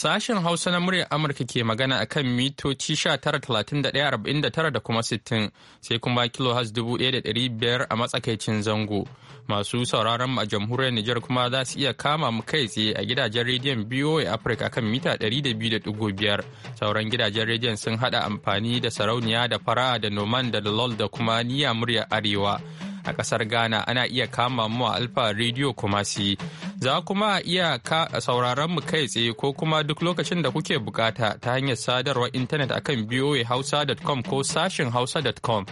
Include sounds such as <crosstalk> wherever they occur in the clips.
Sashen Hausa na muryar Amurka ke magana a kan mitoci 19,31,49 da kuma 60 sai kuma kilohas 1,500 a matsakaicin zango. Masu sauraron a jamhuriyar Nijar kuma za su iya kama mu kai tsaye a gidajen rediyon BOA Africa kan mita 200.5. Sauran gidajen rediyon sun hada amfani da sarauniya da fara'a da noman da lol da kuma niyyar muryar Arewa. a kasar Ghana ana iya kama mu a Alfa Radio Kumasi. Za kuma iya sauraron mu kai tsaye ko kuma duk lokacin da kuke bukata ta hanyar sadarwar intanet akan hausa.com ko sashin hausa.com.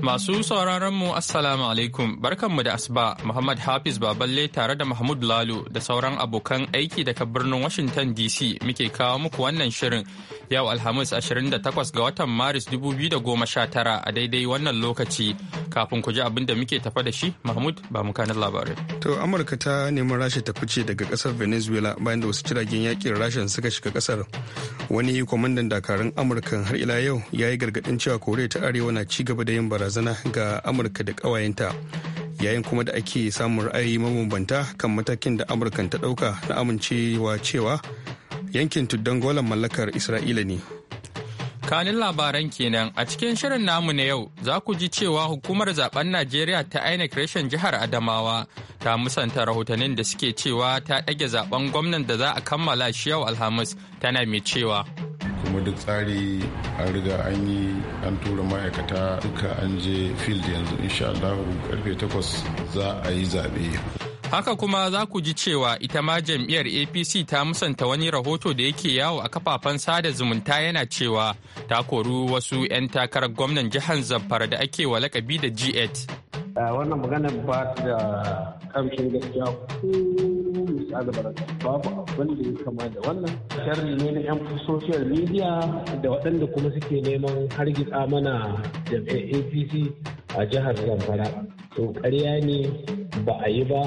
Masu sauraron mu Assalamu alaikum barkanmu da asuba Muhammad Hafiz Baballe tare da Mahmud lalu da sauran abokan aiki daga birnin Washington DC muke kawo muku wannan shirin Yau Alhamis 28 ga watan Maris 2019 a daidai wannan lokaci kafin ku ji abin da muke tafa da shi Mahmud ba mu kanin labarai. To Amurka ta neman Rasha ta fice daga kasar Venezuela bayan da wasu jiragen yakin Rasha suka shiga kasar. Wani kwamandan dakarun Amurka har ila yau ya yi gargadin cewa Koriya ta Arewa na ci gaba da yin barazana ga Amurka da kawayenta yayin kuma da ake samun ra'ayi mabambanta kan matakin da amurka ta dauka na amincewa cewa yankin tuddan golan mallakar isra'ila ne kanin labaran kenan a cikin shirin namu na yau za ku ji cewa hukumar zaben najeriya ta inec reshen jihar adamawa ta musanta rahotannin da suke cewa ta ɗage zaben gwamnan da za a kammala shi yau alhamis tana mai cewa kuma duk tsari an riga an yi an tura ma'aikata duka an je field yanzu insha Allah karfe 8 za a yi zaɓe Haka kuma za ku ji cewa ita ma jam'iyyar APC ta musanta wani rahoto da yake yawo a kafafen sada zumunta yana cewa ta koru wasu 'yan takarar gwamnan jihar Zamfara da ake wa lakabi da G8. Wannan magana ba ta da kamshin gaskiya ko babu abin da ya kama da wannan sharri ne na 'yan social media da waɗanda kuma suke neman hargitsa mana jam'iyyar apc a jihar zamfara to ƙarya ne ba a yi ba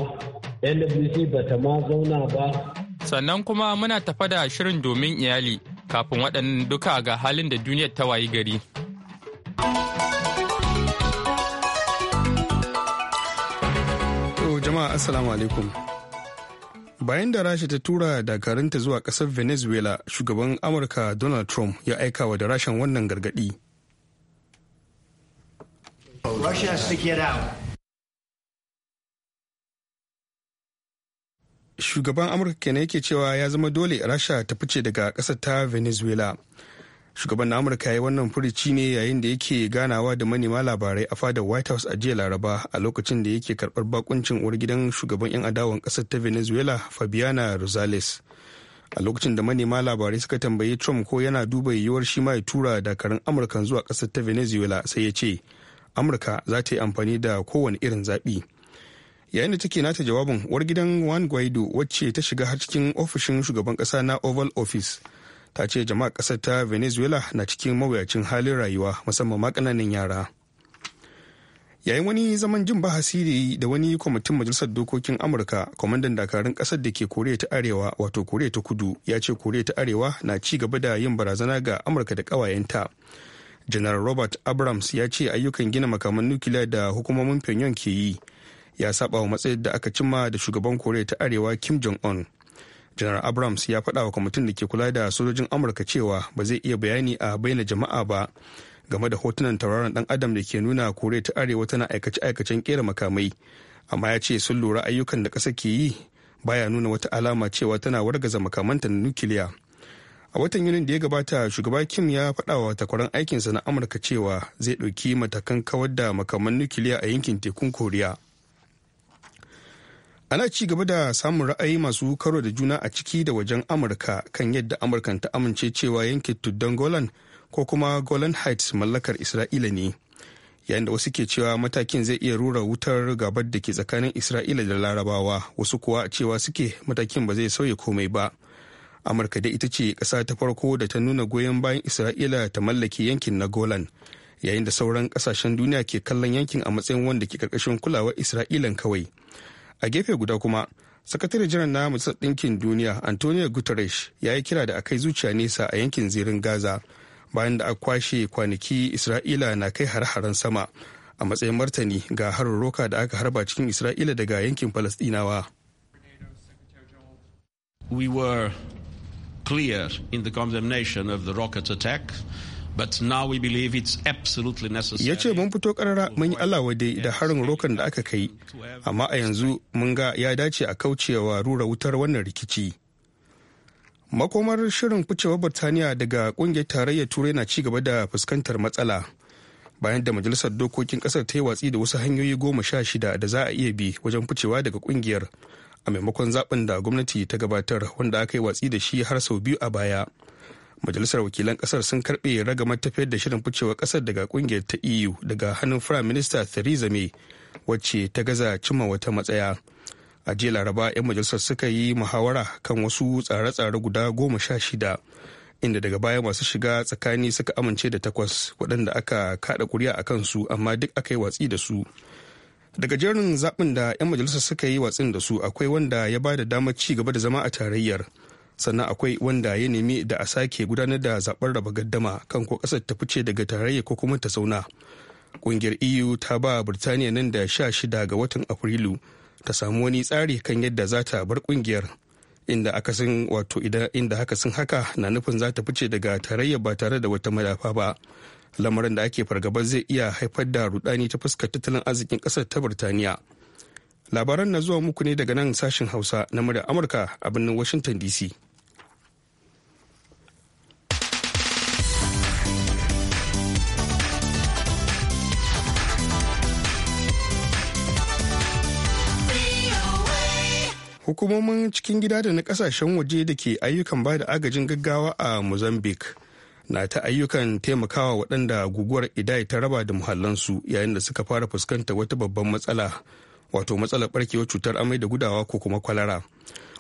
nwc ba ta ma zauna ba sannan kuma muna tafa da shirin domin iyali kafin waɗannan duka ga halin da duniyar ta wayi gari jama'a assalamu alaikum bayan da rasha ta tura dakarunta zuwa ƙasar venezuela shugaban amurka donald trump ya aika wa da rashan wannan gargaɗi shugaban amurka kenan yake cewa ya zama dole rasha ta fice daga ƙasar ta venezuela shugaban na amurka ya yi wannan furici ne yayin da yake ganawa da manema labarai a fadar white house a jiya laraba a lokacin da yake karbar bakuncin uwar gidan shugaban 'yan adawan kasar ta venezuela fabiana rosales a lokacin da manema labarai suka tambayi trump ko yana duba yiwuwar shi ma ya tura dakarun amurkan zuwa kasar ta venezuela sai ya ce amurka za ta yi amfani da kowane irin zaɓi yayin da take nata jawabin war gidan wan guaido wacce ta shiga har cikin ofishin shugaban kasa na oval office ta ce jama'a kasar ta venezuela na cikin mawuyacin halin rayuwa musamman ma kananan yara yayin wani zaman jin bahasi da wani kwamitin majalisar dokokin amurka kwamandan dakarun kasar da ke koriya ta arewa wato koriya ta kudu ya ce koriya ta arewa na ci gaba da yin barazana ga amurka da kawayenta general robert abrams ya ce ayyukan gina makaman nukiliya da hukumomin pyongyang ke yi ya saba wa matsayin da aka cimma da shugaban koriya ta arewa kim jong-un janar abrams ya faɗa wa kwamitin da ke kula da sojojin amurka cewa ba zai iya bayani a bayyana jama'a ba game da hotunan tauraron dan adam da ke nuna koriya ta arewa tana aikace-aikacen kera makamai amma ya ce sun lura ayyukan da ƙasa ke yi baya nuna wata alama cewa tana wargaza makamanta na nukiliya a watan yunin da ya gabata shugaba kim ya faɗa wa takwaran aikinsa na amurka cewa zai ɗauki matakan kawar da makaman nukiliya a yankin tekun koriya ana ci gaba da samun ra'ayi masu karo da juna a ciki da wajen amurka kan yadda amurkan ta amince cewa yankin tuddan golan ko kuma golan heights mallakar isra'ila ne yayin da wasu ke cewa matakin zai iya rura wutar gabar da ke tsakanin isra'ila da larabawa wasu kuwa cewa suke matakin ba zai sauya komai ba amurka dai ita ce ƙasa ta farko da ta nuna goyon bayan isra'ila ta mallake yankin na golan yayin da sauran ƙasashen duniya ke kallon yankin a matsayin wanda ke ƙarƙashin kulawar isra'ilan kawai a gefe guda kuma sakatare jiran na majalisar ɗinkin duniya antonio guterres ya yi kira da akai zuciya nesa a yankin zirin gaza bayan da a kwashe kwanaki isra'ila na kai har-haren sama a matsayin martani ga harurroka da aka harba cikin isra'ila daga yankin palestinawa. we were clear in the condemnation of the rocket attack but now we believe it's absolutely Ya ce mun fito karara mun yi Allah da harin rokan da aka kai, amma a yanzu mun ga ya dace a kaucewa rura wutar wannan rikici. Makomar shirin ficewar Birtaniya daga kungiyar tarayyar Turai na cigaba da fuskantar matsala. Bayan da majalisar dokokin kasar ta yi watsi da wasu hanyoyi goma sha shida da za a iya bi wajen ficewa daga kungiyar a maimakon zaben da gwamnati ta gabatar wanda aka yi watsi da shi har sau biyu a baya. majalisar wakilan kasar sun karbe ragamar tafiyar da shirin ficewar kasar daga kungiyar ta eu daga hannun prime minister theresa may wacce ta gaza cimma wata matsaya a jiya laraba 'yan majalisar suka yi muhawara kan wasu tsare-tsare guda goma sha shida inda daga baya masu shiga tsakani suka amince da takwas waɗanda aka kada kuri'a a kansu amma duk aka yi watsi da su daga jerin zaɓin da 'yan majalisar suka yi watsin da su akwai wanda ya ba da damar ci gaba da zama a tarayyar sannan akwai wanda ya nemi da a sake gudanar da zaben raba gaddama kan ko kasar ta fice daga tarayya ko kuma ta zauna ƙungiyar eu ta ba birtaniya nan da sha shida ga watan afrilu ta samu wani tsari kan yadda za ta bar ƙungiyar inda aka sun wato inda haka sun haka na nufin za ta fice daga tarayya ba tare da wata madafa ba lamarin da ake fargaba zai iya haifar da rudani ta fuskar tattalin arzikin kasar ta birtaniya labaran na zuwa muku ne daga nan sashen hausa na murya amurka a birnin washington dc hukumomin cikin gida da na kasashen waje da ke ayyukan ba da agajin gaggawa a mozambique na ta ayyukan taimakawa waɗanda guguwar idai ta raba da muhallansu yayin da suka fara fuskanta wata babban matsala wato matsalar barkewar cutar amai da gudawa ko kuma kwalara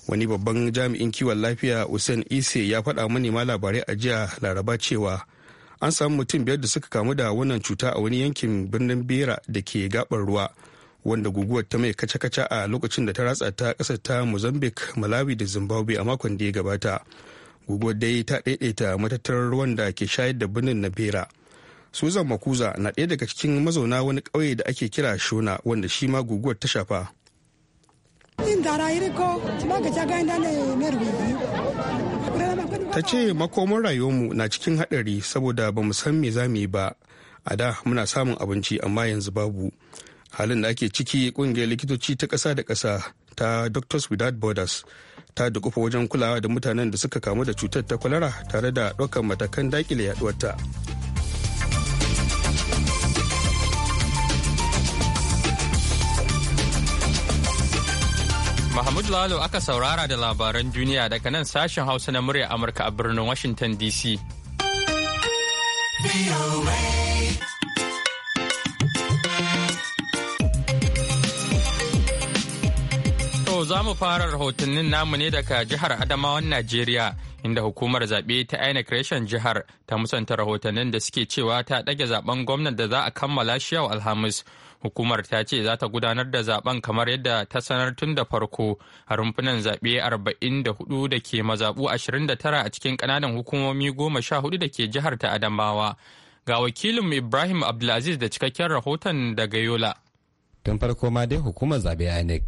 wani babban jami'in kiwon lafiya usain ise ya faɗa manema labarai a jiya laraba cewa an samu mutum biyar da suka kamu da wannan cuta a wani yankin birnin bera da ke gabar ruwa wanda guguwar ta mai kaca-kaca a lokacin da ta ratsa ta ƙasar ta mozambique malawi da zimbabwe a makon da ya gabata guguwar dai ta ɗaiɗaita matattarar ruwan da ke shayar da birnin na bera Susan Makuza na ɗaya daga cikin mazauna wani ƙauye da ake kira Shona wanda shi ma guguwar ta shafa. Ta ce makomar rayuwarmu na cikin haɗari saboda ba mu san me za mu yi ba. A da muna samun abinci amma yanzu babu. Halin da ake ciki ƙungiyar likitoci ta ƙasa da ƙasa ta Doctors Without Borders ta dukufa wajen kulawa da mutanen da suka kamu da cutar ta kwalara tare da ɗaukar matakan dakile yaɗuwarta. Mahmud Lalo aka saurara da labaran duniya daga nan sashen Hausa na murya Amurka a birnin Washington DC. To za mu fara rahotannin namu ne daga jihar Adamawan Najeriya. inda hukumar zaɓe ta INEC reshen jihar ta musanta rahotannin da suke cewa ta ɗage zaben gwamnan da za a kammala shi yau Alhamis. Hukumar ta ce za ta gudanar da zaben kamar yadda ta sanar tun da farko a rumfunan zaɓe 44 da ke mazaɓu 29 a cikin ƙananan hukumomi 14 da ke jihar ta Adamawa. Ga wakilin Ibrahim Abdulaziz da cikakken rahoton daga Yola. Tun farko ma dai hukumar zaɓe INEC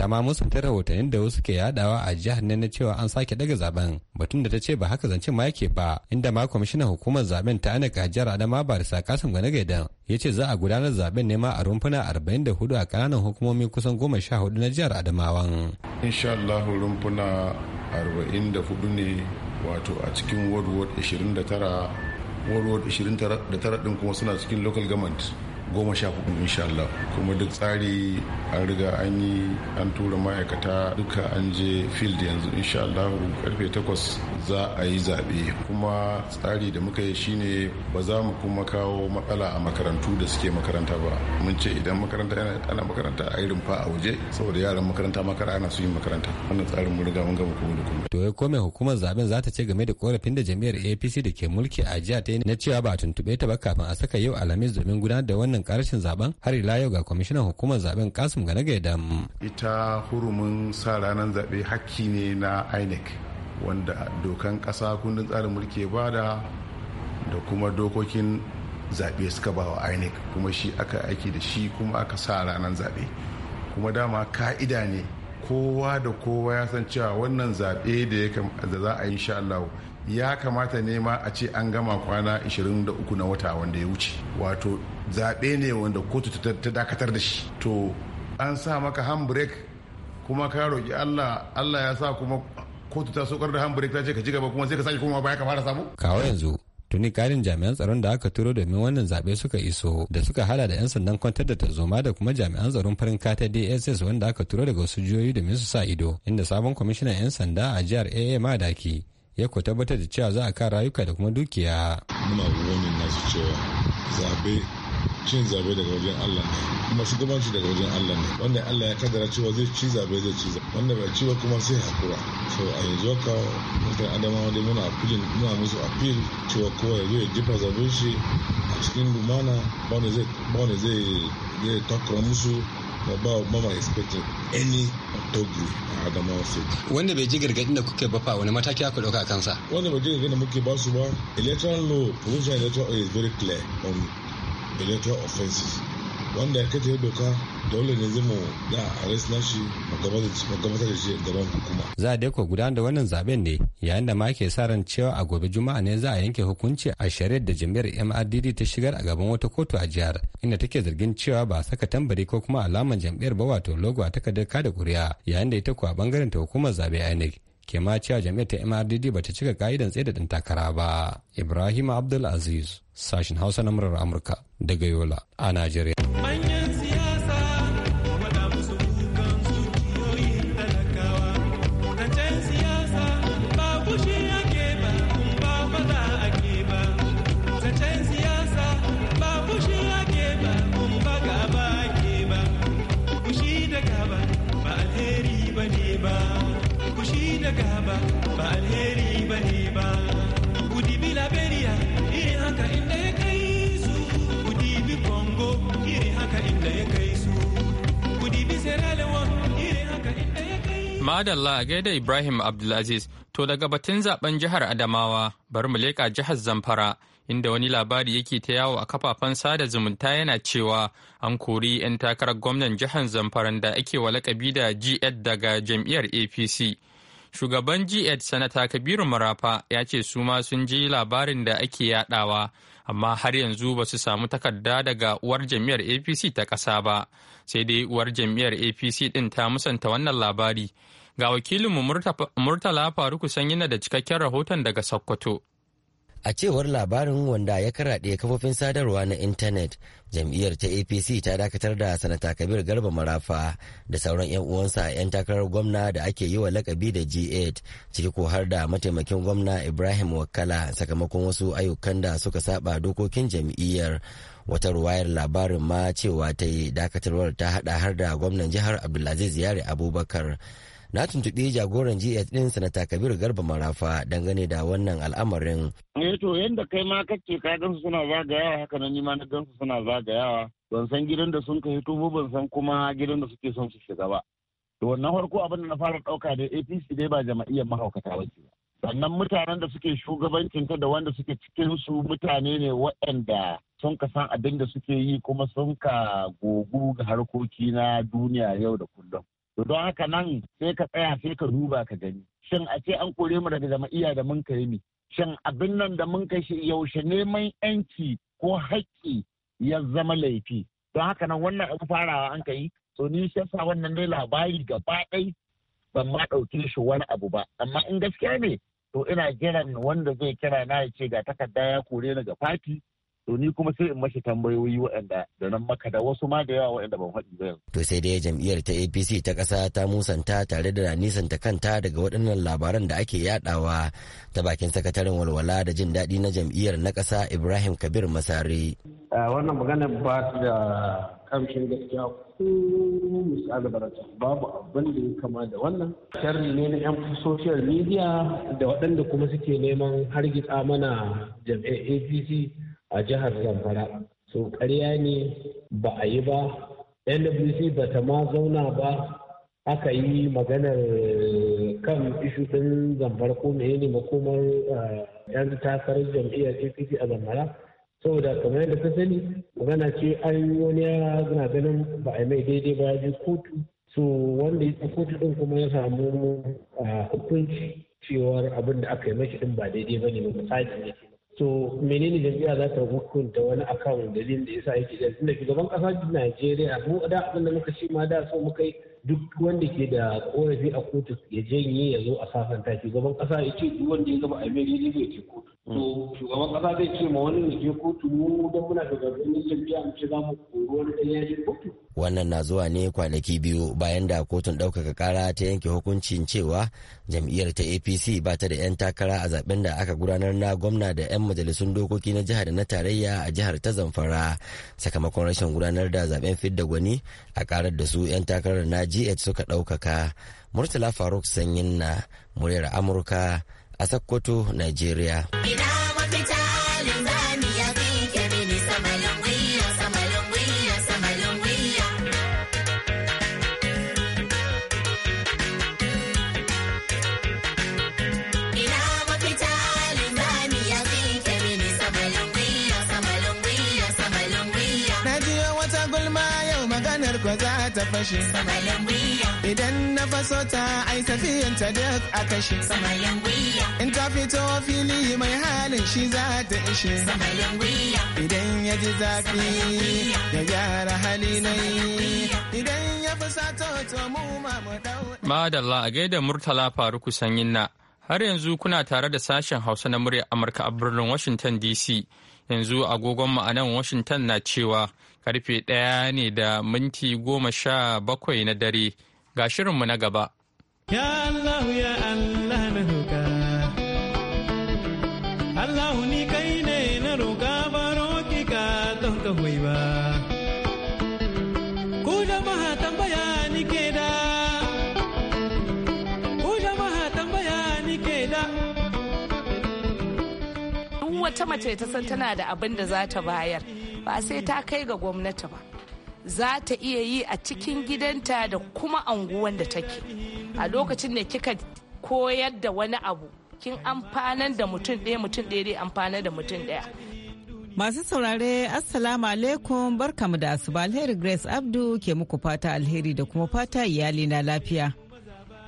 ta ma ta rahoton da wasu ke yadawa a jihar ne na cewa an sake daga zaben batun da ta ce ba haka zancen ma yake ba inda ma kwamishinan hukumar zaben ta ana jihar adama barisa kasim gane gaidan ya ce za a gudanar zaben nema a rumfuna 44 a kananan hukumomi kusan 14 na jihar adamawan insha Allah rumfuna 44 ne wato a cikin world war 29 ward 29 din kuma suna cikin local government goma sha hudu insha Allah kuma duk tsari an riga an yi an tura ma'aikata duka an je field yanzu insha Allah karfe takwas za a yi zaɓe kuma tsari da muka yi shine ba za mu kuma kawo matsala a makarantu da suke makaranta ba mun ce idan makaranta ana makaranta a irin fa a waje saboda yaran makaranta makara ana su yin makaranta wannan tsarin mu riga mun gama kuma da kuma. to ya kome hukumar zaben za ta ce game da korafin da jami'ar apc da ke mulki a jiya ta na cewa ba tuntube ta ba kafin a saka yau alamis domin gudanar da wannan kan karashin zaben har ila yau ga kwamishinan hukumar zaben kasim gane gaidam ita hurumin sa ranar zaɓe hakki ne na inec wanda dokan ƙasa kundin tsarin mulki bada da kuma dokokin zaɓe suka ba wa inec kuma shi aka aiki da shi kuma aka sa ranar zaɓe kuma dama ka'ida ne kowa da kowa ya san cewa wannan zaɓe da za a yi insha Allah ya kamata ne ma a ce an gama kwana 23 na wata wanda ya wuce wato zaɓe ne wanda kotu ta dakatar da shi to an sa maka handbrake kuma ka roƙi allah allah ya sa kuma kotu ta sokar da handbrake ta ce ka ji gaba kuma sai ka sake kuma baya ka fara samu kawo yanzu tuni karin jami'an tsaron da aka turo domin wannan zaɓe suka iso da suka hada da 'yan sandan kwantar da tarzoma da kuma jami'an tsaron farin kata dss wanda aka turo daga wasu jihohi domin su sa ido inda sabon kwamishinan 'yan sanda a jihar aa madaki ya ku tabbatar da cewa za a kare rayuka da kuma dukiya muna warning nasu cewa zabe cin zabe daga wajen Allah ne kuma shugabanci daga wajen Allah ne wanda Allah ya kaddara cewa zai ci zabe zai ci zabe wanda bai ci ba kuma sai hakura so a yanzu haka mutan adama dai muna appeal muna musu appeal cewa kowa ya zo ya jefa zabe shi a cikin lumana ba wanda zai takura musu ba ba ma expecting any doggy a Adamawa State. Wanda bai ji gargadin da kuke ba fa wani mataki aka dauka kansa? Wanda bai ji gargadin da muke ba su ba electoral law provincial electoral law is very clear on electoral offenses wanda ya kace doka dole ne zai mu da arrest na shi magabata da shi gaban hukuma za a ko gudanar da wannan zaben ne yayin da ma ke sa ran cewa a gobe juma'a ne za a yanke hukunci a shari'ar da jami'ar MRDD ta shigar a gaban wata kotu a jihar inda take zargin cewa ba saka tambari ko kuma alamar jam'iyyar ba wato logo a takardar kada kuri'a yayin da ita ko a bangaren ta hukumar zabe INEC ke ma cewa jami'ar ta mrdd ba ta cika ka'idan tsaye da ɗan takara ba ibrahim abdulaziz sashin hausa na murar amurka daga yola a najeriya Madalla gaida Ibrahim Abdulaziz to daga batun zaben jihar Adamawa bari mu leƙa jihar Zamfara inda wani labari yake ta yawo a kafafen sada zumunta yana cewa an kori 'yan takarar gwamnan jihar Zamfara da ake wa lakabi da GED daga jam'iyyar APC. Shugaban GED Sanata Kabiru Marafa ya ce su ma sun ji labarin da ake yadawa amma har yanzu ba su samu takarda daga uwar jam'iyyar APC ta ƙasa ba sai dai uwar jam'iyyar APC ɗin ta musanta wannan labari. Ga wakilinmu Murtala Faruku yana da cikakken rahoton daga Sokoto. A cewar labarin wanda ya karaɗe kafofin sadarwa na intanet, jam'iyyar ta APC ta dakatar da sanata Kabir Garba Marafa da sauran 'yan uwansa a 'yan takarar gwamna da ake yi wa lakabi da G8 ciki ko har da mataimakin gwamna Ibrahim Wakala sakamakon wasu ayyukan da suka saba dokokin jam'iyyar. Wata ruwayar labarin ma cewa ta yi dakatarwar ta haɗa har da gwamnan jihar Abdulaziz Yari Abubakar. na tuntuɓi jagoran GS ɗin sanata Kabiru Garba Marafa dangane da wannan al'amarin. Eh to yadda kai ma kace ka gansu suna zagayawa haka nan ni ma na gansu suna zagayawa ban san gidan da sun ka hito ban san kuma gidan da suke son su shiga ba. To wannan farko abin da na fara ɗauka da APC dai ba jama'iyyar mahaukata ba ce. sannan mutanen da suke shugabancin ta da wanda suke cikin su mutane ne waɗanda sun ka san abin da suke yi kuma sun ka gogu ga harkoki na duniya yau da kullum don haka nan sai ka tsaya sai ka duba ka gani shin a ce an kore mu daga jama'iya da mun kai mi shin abin nan da mun kai shi yaushe neman yanci ko haƙƙi ya zama laifi don haka nan wannan abu farawa an kai to ni shi yasa wannan dai labari gaba ɗai ban ma ɗauke shi wani abu ba amma in gaskiya ne to ina jiran wanda zai kira na ya ce ga takarda ya kore ni ga fati to ni kuma sai in mashi tambayoyi waɗanda da nan maka da wasu ma da yawa waɗanda ban faɗi ba yanzu. To sai dai jam'iyyar ta APC ta ƙasa ta musanta tare da nisanta kanta daga waɗannan labaran da ake yadawa ta bakin sakataren walwala da jin daɗi na jam'iyyar na ƙasa Ibrahim Kabir Masari. Wannan magana ba da kamshin gaskiya ko misali barata babu abin da ya kama da wannan sharri ne na 'yan social media da waɗanda kuma suke neman hargitsa mana jam'iyyar APC a jihar zamfara so ƙarya ne ba a yi ba nwc ba ta ma zauna ba aka yi maganar eh, kan ishu ɗin zamfara ko ne makomar eh, yan takarar jam'iyyar apc a zamfara saboda kamar yadda ta sani magana ce an wani ya zina ganin ba a mai daidai ba ya kotu so wanda ya kotu ɗin kuma ya samu eh, hukunci cewar abin da aka yi mashi ɗin ba daidai ba ne misali ne to menene jam'iyya za ta hukunta wani akan dalilin da yasa yake jan tunda shugaban kasa Najeriya mu da abin da muka shi ma da so muka yi duk wanda ke da korafi a kotu ya janye ya zo a sasanta shugaban kasa ya ce duk wanda ya gaba a mai ne ya ce kotu to shugaban kasa zai ce ma wani je kotu mu don muna da za mu koro wani ɗaya je kotu wannan na zuwa ne kwanaki biyu bayan da kotun ɗaukaka ƙara ta yanke hukuncin cewa jam'iyyar ta apc ba ta da 'yan takara a zaben da aka gudanar na gwamna da 'yan majalisun dokoki na jihar da na tarayya a jihar ta zamfara sakamakon rashin gudanar da zaben fidda gwani a ƙarar da su 'yan takarar na gh suka ɗaukaka murtala faruk sanyin na muryar amurka a Sokoto, Najeriya. ta fashe idan na faso ta ai ta duk a kashe in ta fito fili mai halin shi za ta ishe idan ya ji zafi ya gyara hali idan ya fusato to mu ma mu dau madalla a gaida murtala faruku sanyin na har yanzu kuna tare da sashen hausa na muryar amurka a birnin washington dc yanzu agogon ma'anan washington na cewa karfe ɗaya ne da minti goma sha bakwai na dare ga shirinmu na gaba. Ya Allah ya Allah na roƙa, Allah ni kai ne na roƙa ba roƙi ka don ka ba. Ku jama'a tambaya ni ke da, ku jama'a tambaya ni ke da. Duk wata mace ta san tana da abin da za ta bayar. ba sai ta kai ga gwamnati ba za ta iya yi a cikin gidanta da kuma anguwan da take a lokacin da kika koyar da wani abu kin amfanar da mutum ɗaya mutum ɗaya dai amfanar da mutum ɗaya Masu saurare Assalamu alaikum barkamu da asuba alheri Grace Abdu ke muku fata alheri da kuma fata iyali na lafiya.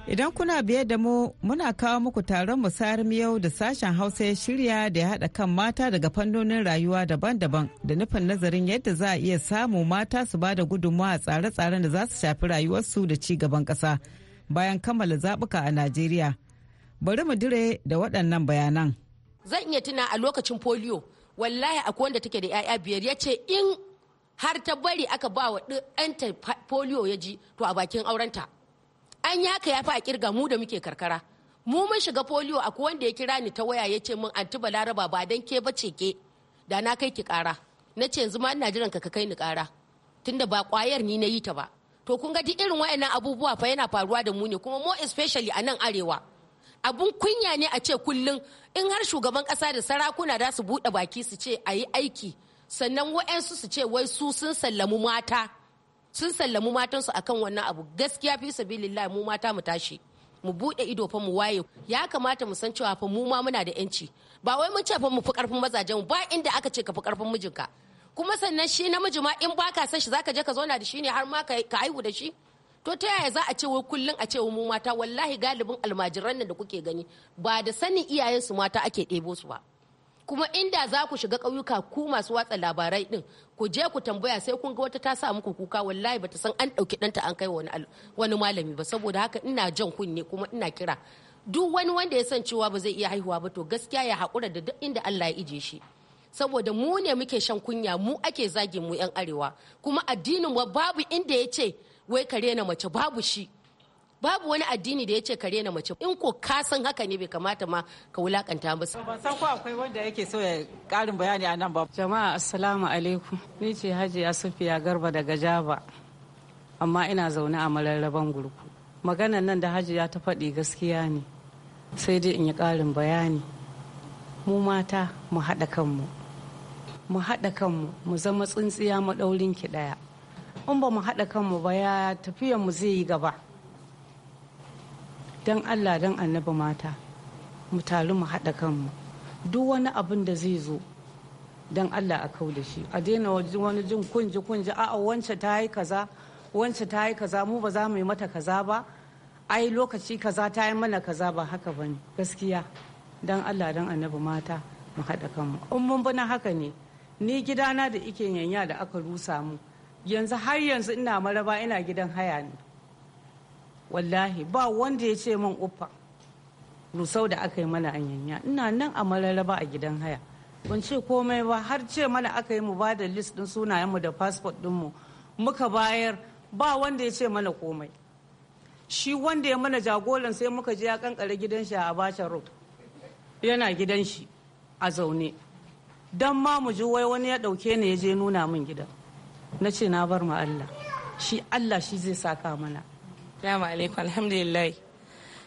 Idan kuna biye da mu muna kawo muku taron musayar yau da sashen Hausa ya shirya da ya haɗa kan mata daga fannonin rayuwa daban-daban da nufin nazarin yadda za a iya samu mata su ba da gudunmawa a tsare-tsaren da za su shafi rayuwarsu da ci gaban ƙasa bayan kammala zaɓuka a Najeriya. Bari mu dire da waɗannan bayanan. Zan iya tuna a lokacin foliyo wallahi akwai wanda take da 'ya'ya biyar ya ce in har ta bari aka ba wa ɗanta foliyo ya ji to a bakin aurenta. an yi haka ya fi a kirga mu da muke karkara mu mun shiga polio akwai wanda ya kira ni ta waya ya ce min anti balaraba ba dan ke bace ke da na kai ki kara na ce yanzu ma ina jiran ka kai ni kara tunda ba kwayar ni na yi ta ba to kun ga duk irin wayannan abubuwa fa yana faruwa da mu ne kuma more especially a nan arewa abun kunya ne a ce kullum in har shugaban kasa da sarakuna za su buɗe baki su ce a yi aiki sannan wa'yansu su ce wai su sun sallamu mata sun sallamu matansu akan wannan abu gaskiya fi sabilillah mu mata mu tashi mu bude ido fa mu waye ya kamata mu san cewa fa mu ma muna da yanci ba wai mun ce fa mu fi karfin mazajen ba inda aka ce ka fi karfin mijinka kuma sannan shi namiji ma in baka san shi zaka je ka zauna da shi ne har ma ka haihu da shi to ta yaya za a ce wai kullun a ce mu mata wallahi galibin almajiran nan da kuke gani ba da sanin iyayensu mata ake ɗebo su ba kuma inda za ku shiga ƙauyuka ku masu watsa labarai din ku je ku tambaya sai kun ga wata ta sa muku kuka wallahi bata san an ɗauki ɗanta an kai wani wani malami ba saboda haka ina jan kunne kuma ina kira duk wani wanda ya san cewa ba zai iya haihuwa ba to gaskiya ya haƙura da duk inda Allah ya ije shi saboda mu ne muke shan kunya mu ake zage mu yan arewa kuma addinin wa babu inda ya ce wai kare na mace babu shi babu wani addini da ya ce kare na mace in ko ka san haka ne bai kamata ma ka wulakanta ba ban san ko akwai wanda yake so ya karin bayani a nan ba jama'a assalamu alaikum ni ce haji asufiya garba daga jaba amma ina zaune a mararraban gurku maganan nan da ya ta faɗi gaskiya ne sai dai in yi ƙarin bayani mu mata mu haɗa kanmu mu haɗa kanmu mu zama tsintsiya maɗaurin ki ɗaya in ba mu haɗa kanmu ba ya tafiyan mu zai yi gaba don allah don annabi mata mu taru mu haɗa kanmu duk wani abin da zai zo don allah a kau da shi a daina wani jin kunji kunji a'a wance ta yi kaza wance ta yi kaza mu ba za mu yi mata kaza ba ai lokaci kaza ta yi mana kaza ba haka ba ne gaskiya don allah don annabi mata mu haɗa kanmu in mun bana haka ne ni gidana da ike yanya da aka rusa mu yanzu har yanzu ina maraba ina gidan haya ne wallahi ba wanda ya ce min uffa rusau da aka yi mana anyanya ina nan a mararraba a gidan haya ban ce komai ba har ce mana aka yi mu ba da list din sunayenmu da passport dinmu muka bayar ba wanda ya ce mana komai shi wanda ya mana jagoran sai muka je ya kankare gidan shi a abacha road yana gidan shi a zaune don ma mu ji wai wani ya dauke ni ya je nuna min gidan na ce na bar mu Allah shi Allah shi zai saka mana Salamu alaikum alhamdulillah.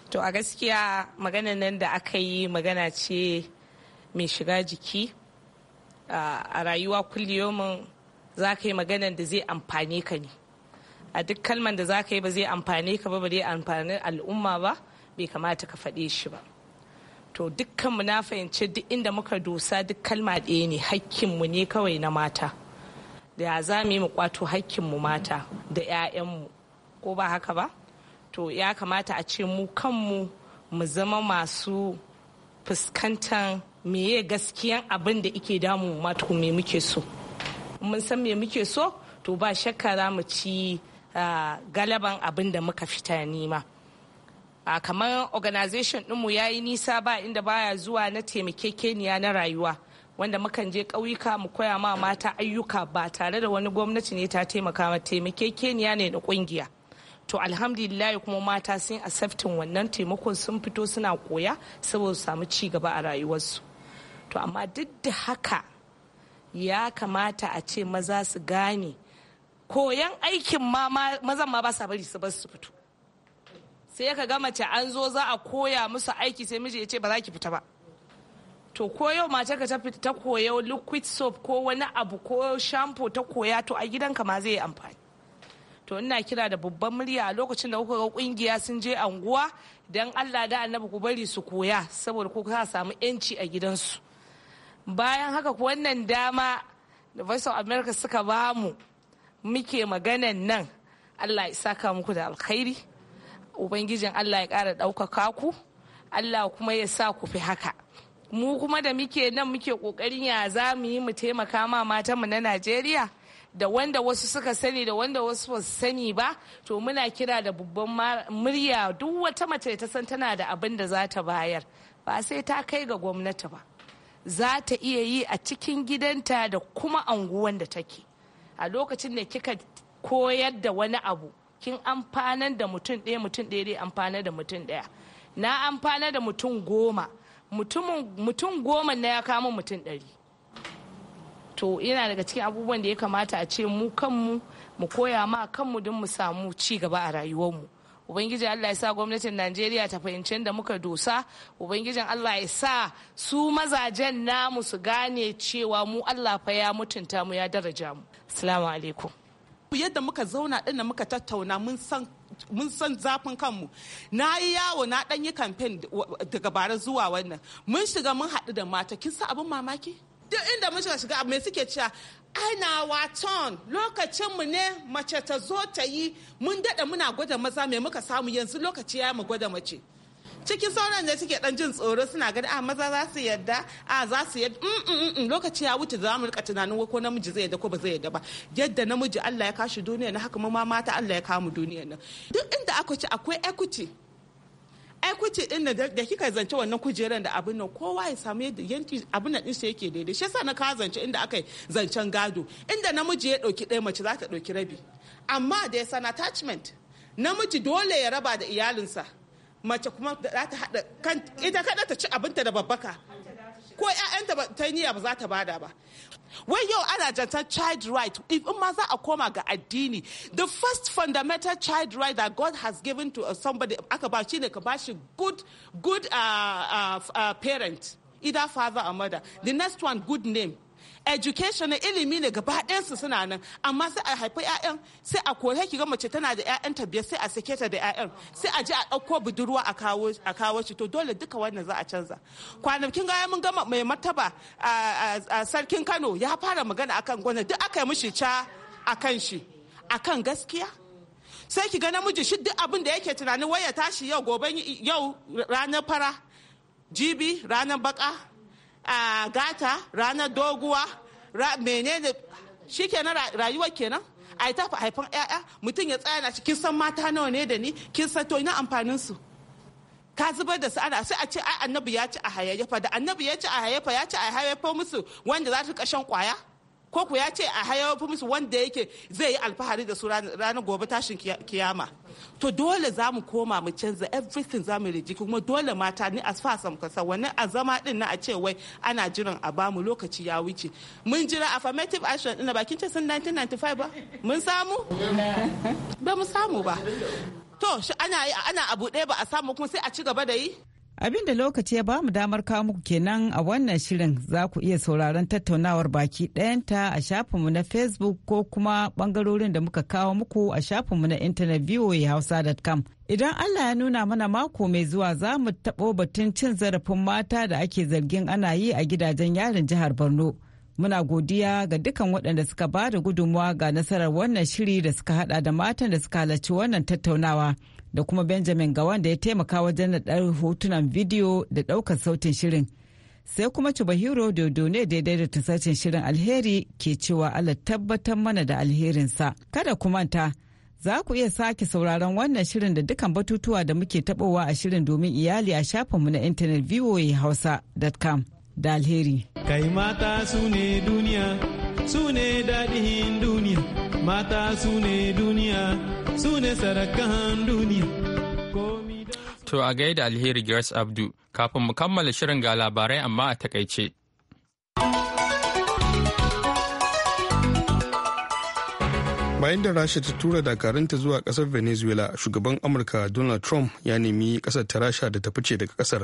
To a gaskiya maganan nan da aka yi magana ce mai shiga jiki a rayuwa kulliyomin za ka yi maganan da zai amfane ka ne. A duk kalman da za ka yi ba zai amfane ka ba ba zai amfani al'umma ba bai kamata ka faɗe shi ba. To dukkanmu na fahimci duk inda muka dosa duk kalma ɗaya ne hakkinmu ne kawai na mata. Da za mu yi mu kwato hakkinmu mata da 'ya'yanmu ko ba haka ba? to ya kamata a ce mu kanmu mu zama masu fuskantar meye gaskiyan abin da ike damu ma me muke so mun san me muke so to ba shakka za mu ci galaban abin da muka fita nima kamar organization dinmu ya yi nisa ba inda baya zuwa na taimakekeniya na rayuwa wanda mukan je ƙauyuka mu koya ma mata ayyuka ba tare da wani gwamnati ne ta taimaka ma taimakekeniya ne da ƙungiya to alhamdulillah kuma mata sun asaftin wannan taimakon sun fito suna koya saboda samu ci gaba a rayuwarsu to amma duk da haka ya kamata a ce maza su gane koyan aikin ma mazan ma ba sa bari su basu su fito sai ka ga mace an zo za a koya musu aiki sai miji ya ce ba za ki fita ba to ko yau mace ka ta ta koya liquid soap ko wani abu ko shampoo ta koya to a gidanka ma zai yi amfani to ina kira da babban murya a lokacin da kuka ga kungiya sun je anguwa dan Allah da annabi ku bari su koya saboda ku ka samu yanci a gidansu bayan haka wannan dama da voice america suka ba mu muke maganan nan Allah ya saka muku da alkhairi ubangijin Allah ya kara ɗaukaka ku Allah kuma ya sa ku fi haka mu kuma da muke nan muke kokarin ya za mu yi mu taimaka ma matanmu na Najeriya da wanda wasu suka sani da wanda wasu ba sani ba to muna kira da babban murya duk wata mace ta san tana da abin da za ta bayar ba sai ta kai ga gwamnati ba za ta iya yi a cikin gidanta da kuma anguwan da take a lokacin da kika koyar da wani abu kin amfanar da mutum ɗaya mutum ɗaya dai amfanar da mutum ɗaya na amfanar da mutum goma mutum goma na ya kama mutum ɗari to yana daga cikin abubuwan da ya kamata a ce mu kanmu mu koya ma kanmu don mu samu ci gaba a rayuwarmu ubangijin allah ya sa gwamnatin najeriya ta fahimci da muka dosa ubangijin allah ya sa su mazajen namu su gane cewa mu allah fa ya mutunta mu ya daraja mu assalamu alaikum yadda muka zauna ɗin muka tattauna mun san mun san zafin kanmu na yi yawo na ɗanyi kamfen daga bara zuwa wannan mun shiga mun haɗu da mata kin sa abin mamaki duk inda muka shiga me suke cewa ana waton lokacinmu ne mace ta zo ta yi mun daɗa muna gwada maza mai muka samu yanzu lokaci ya mu gwada mace cikin sauran da suke dan jin tsoro suna gani a ah, maza za su yadda a ah, za su yadda mm, mm, mm, lokaci ya wuce za mu rika tunanin ko namiji zai yadda ko ba zai yadda ba yadda namiji Allah ya kashi duniya na haka ma mata Allah ya kamu duniya nan duk inda aka ci akwai equity ai kuce din da kika zance wannan kujeran da abin nan kowa ya samu yadda yanki abin nan ɗinsa yake daidai shi yasa na ka zance inda aka zancen gado inda namiji ya ɗauki ɗaya mace za ta ɗauki rabi amma da ya san attachment namiji dole ya raba da iyalinsa mace kuma za ta haɗa ita kada ta ci abinta da babbaka ko 'ya'yanta ta niyya ba za ta bada ba wai yau ana jantar child right in ma za a koma ga addini the first fundamental child right that god has given to uh, somebody aka ba ne ka bashi good good uh, uh, uh, parent either father or mother the next one good name education na ilimi ne gaba ɗayansu suna nan amma sai a haifi ƴaƴan sai a kore ki ga mace tana da 'ya'yan ta biyar sai a sake ta da ƴaƴan sai a je a ɗauko budurwa a kawo a kawo shi to dole duka wannan za a canza kwanakin gaya mun gama mai martaba a sarkin Kano ya fara magana akan gwana duk aka yi mishi ca akan shi akan gaskiya sai ki ga namiji shi duk abin da yake tunanin waya tashi yau gobe yau ranar fara jibi ranar baka a gata ranar doguwa menene shi kenan rayuwar kenan a ta haifan 'ya'ya mutum ya tsaya na shi kin san mata nawa ne da ni kin san to ina amfanin su ka zubar da su ana sai a ce ai annabi ya ci a hayayyafa da annabi ya ci a hayayyafa ya ci a hayayyafa musu wanda za su kashen kwaya ko ku ya ce a fi musu wanda yake zai yi alfahari da su ranar gobe tashin kiyama to dole za mu koma mu canza everything za mu rejiki kuma dole mata ni as far sam kasa wani a zama din na a ce wai ana jiran a bamu lokaci ya wuce mun jira affirmative action din bakin ce sun 1995 ba mun samu <laughs> ba mu samu ba to ana ana abu ɗaya ba a samu kuma sai a ci gaba da yi Abin da lokaci ya ba mu damar kawo muku kenan a wannan shirin za ku iya sauraron tattaunawar baki ɗayanta a shafinmu na Facebook ko kuma ɓangarorin da muka kawo muku a shafinmu na intanet voahausa.com. Idan Allah ya nuna mana mako mai zuwa za mu taɓo batun cin zarafin mata da ake zargin ana yi a gidajen yarin jihar Borno. Muna godiya ga dukkan waɗanda suka ba da gudunmawa ga nasarar wannan shiri da suka hada da matan da suka halarci wannan tattaunawa da kuma Benjamin Gawan da ya taimaka wajen naɗar hotunan bidiyo da ɗaukar sautin shirin. Sai kuma Chubahiro Dodo ne daidai da tasacin shirin alheri ke cewa Allah tabbatar mana da alherinsa. Kada ku manta, za ku iya sake sauraron wannan shirin da dukkan batutuwa da muke taɓowa a shirin domin iyali a shafinmu na intanet hausa voahausa.com da alheri. kai mata su ne duniya su ne daɗin duniya mata su ne duniya su ne sarakan duniya to a gaida alheri grace abdu kafin mu kammala shirin ga labarai amma a takaice bayan da rasha ta tura dakarunta zuwa kasar venezuela shugaban amurka donald trump ya nemi kasar ta rasha da ta fice daga kasar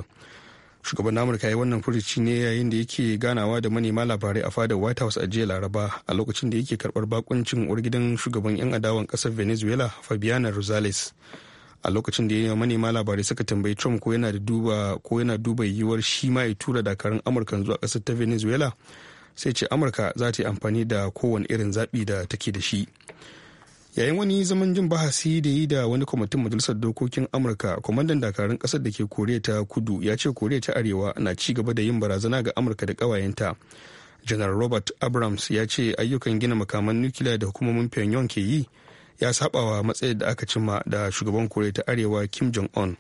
shugaban amurka ya wannan furuci ne yayin da yake ganawa da manema labarai a fadar white house a jiya laraba a lokacin da yake karbar bakuncin uwar gidan shugaban yan adawan kasar venezuela fabiana rosales a lokacin da ya manema labarai suka tambayi trump ko yana da duba ko yana duba yiwuwar shi ma ya tura dakarun amurka zuwa kasar ta venezuela sai ce amurka za ta yi amfani da kowane irin zaɓi da take da shi yayin wani zaman jin bahasi da yi da wani kwamitin majalisar dokokin amurka kwamandan dakarun kasar da ke koriya ta kudu ya ce koriya ta arewa na ci gaba da yin barazana ga amurka da ƙawayenta janar robert abrams ya ce ayyukan gina makaman nukiliya da hukumomin pyongyang ke yi ya sabawa matsayin da aka cimma da shugaban koriya ta arewa kim jong-un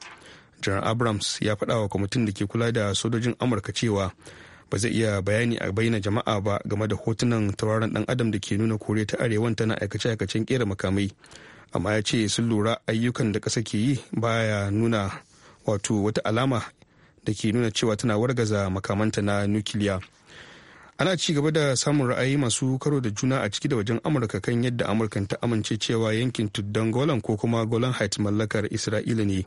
janar abrams ya faɗa wa kwamitin da ke kula da sojojin amurka cewa ba zai iya bayani a bayyana jama'a ba game da hotunan tauraron dan adam da ke nuna koriya ta arewan tana aikace-aikacen kera makamai amma ya ce sun lura ayyukan da ƙasa ke yi baya nuna wato wata alama da ke nuna cewa tana wargaza makamanta na nukiliya ana ci gaba da samun ra'ayi masu karo da juna a ciki da wajen amurka kan yadda amurka ta amince cewa yankin tuddan golan ko kuma golan heights mallakar isra'ila ne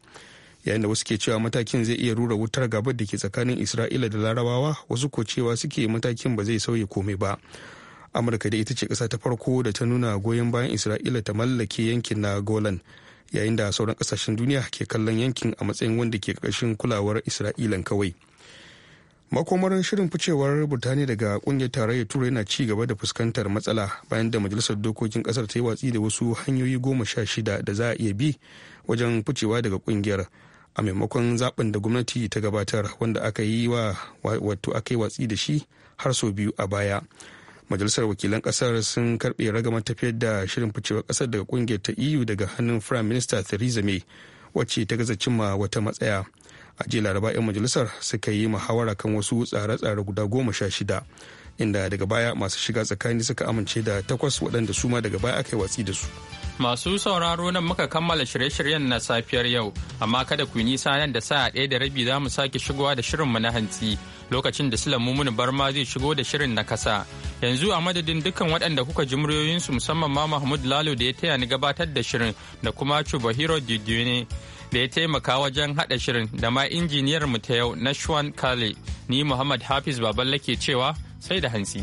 yayin da wasu ke cewa matakin zai iya rura wutar gaba da ke tsakanin isra'ila da larabawa wasu ko cewa suke matakin ba zai sauya komai ba amurka da ita ce ƙasa ta farko da ta nuna goyon bayan isra'ila ta mallake yankin na golan yayin da sauran kasashen duniya ke kallon yankin a matsayin wanda ke ƙarshen kulawar isra'ilan kawai makomar shirin ficewar burtaniya daga kungiyar tarayyar turai na ci gaba da fuskantar matsala bayan da majalisar dokokin kasar ta yi watsi da wasu hanyoyi goma sha shida da za a iya bi wajen ficewa daga kungiyar a maimakon zaben da gwamnati ta gabatar wanda aka yi wa wato aka yi watsi da shi har sau biyu a baya majalisar wakilan kasar sun karbe ragamar tafiyar da shirin ficewar kasar daga kungiyar ta eu daga hannun prime minister theresa may wacce ta gaza cimma wata matsaya a jiya laraba 'yan majalisar suka yi muhawara kan wasu tsare-tsare guda goma sha shida inda daga baya masu shiga tsakani suka amince da takwas waɗanda su ma daga baya aka yi watsi da su Masu sauraro nan muka kammala shirye-shiryen na safiyar yau, amma kada ku nisa nan da sa'a ɗaya da rabi za mu sake shigowa da shirinmu na hantsi lokacin da Sulamu Mumunu Barma zai shigo da shirin na kasa. Yanzu a madadin dukkan waɗanda kuka ji muryoyinsu musamman ma Mahmud Lalo da ya taya ni gabatar da shirin da kuma Chubahiro ne da ya taimaka wajen haɗa shirin da ma injiniyar mu ta yau Nashwan Kale. Ni Muhammad Hafiz Baballa ke cewa sai da hantsi.